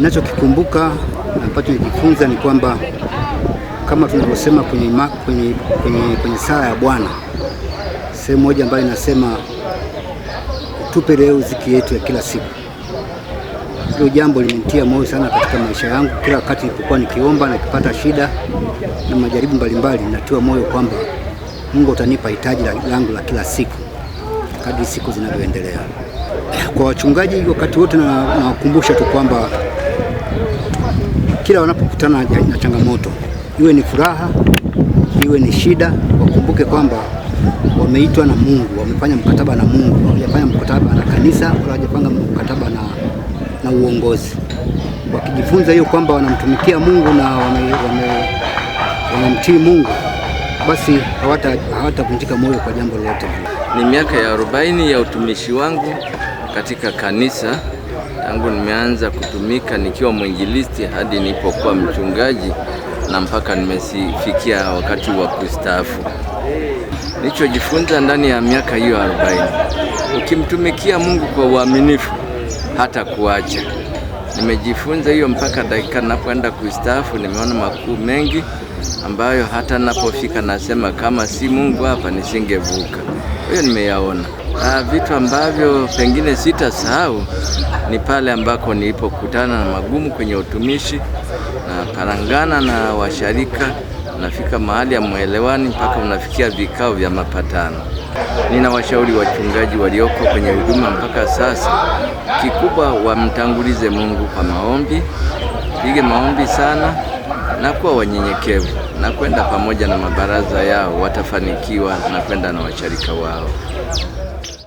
Ninachokikumbuka ambacho nikifunza ni kwamba kama tunavyosema kwenye, kwenye, kwenye, kwenye sala ya Bwana sehemu moja ambayo inasema tupe leo ziki yetu ya kila siku. Hilo jambo limenitia moyo sana katika maisha yangu. Kila wakati nilipokuwa nikiomba na nikipata shida na majaribu mbalimbali, natiwa moyo kwamba Mungu utanipa hitaji langu la kila siku kadri siku zinavyoendelea. Kwa wachungaji, wakati wote nawakumbusha na tu kwamba kila wanapokutana na changamoto, iwe ni furaha, iwe ni shida, wakumbuke kwamba wameitwa na Mungu, wamefanya mkataba na Mungu, hawajafanya mkataba na kanisa wala hawajapanga mkataba na, na uongozi. Wakijifunza hiyo kwamba wanamtumikia Mungu na wame, wanamtii Mungu basi hawatavunjika hawata moyo kwa jambo lolote. Ni miaka ya arobaini ya utumishi wangu katika kanisa tangu nimeanza kutumika nikiwa mwinjilisti hadi nilipokuwa mchungaji na mpaka nimefikia wakati wa kustaafu. Nilichojifunza ndani ya miaka hiyo 40, ukimtumikia Mungu kwa uaminifu hata kuacha. Nimejifunza hiyo mpaka dakika napoenda kustaafu. Nimeona makuu mengi ambayo hata napofika nasema kama si Mungu hapa nisingevuka. Hiyo nimeyaona. Uh, vitu ambavyo pengine sitasahau ni pale ambako nilipokutana na magumu kwenye utumishi na karangana na washarika, unafika mahali ya mwelewani mpaka unafikia vikao vya mapatano. Nina washauri wachungaji walioko kwenye huduma mpaka sasa, kikubwa wamtangulize Mungu kwa maombi, pige maombi sana na kuwa wanyenyekevu na kwenda pamoja na mabaraza yao, watafanikiwa na kwenda na washarika wao.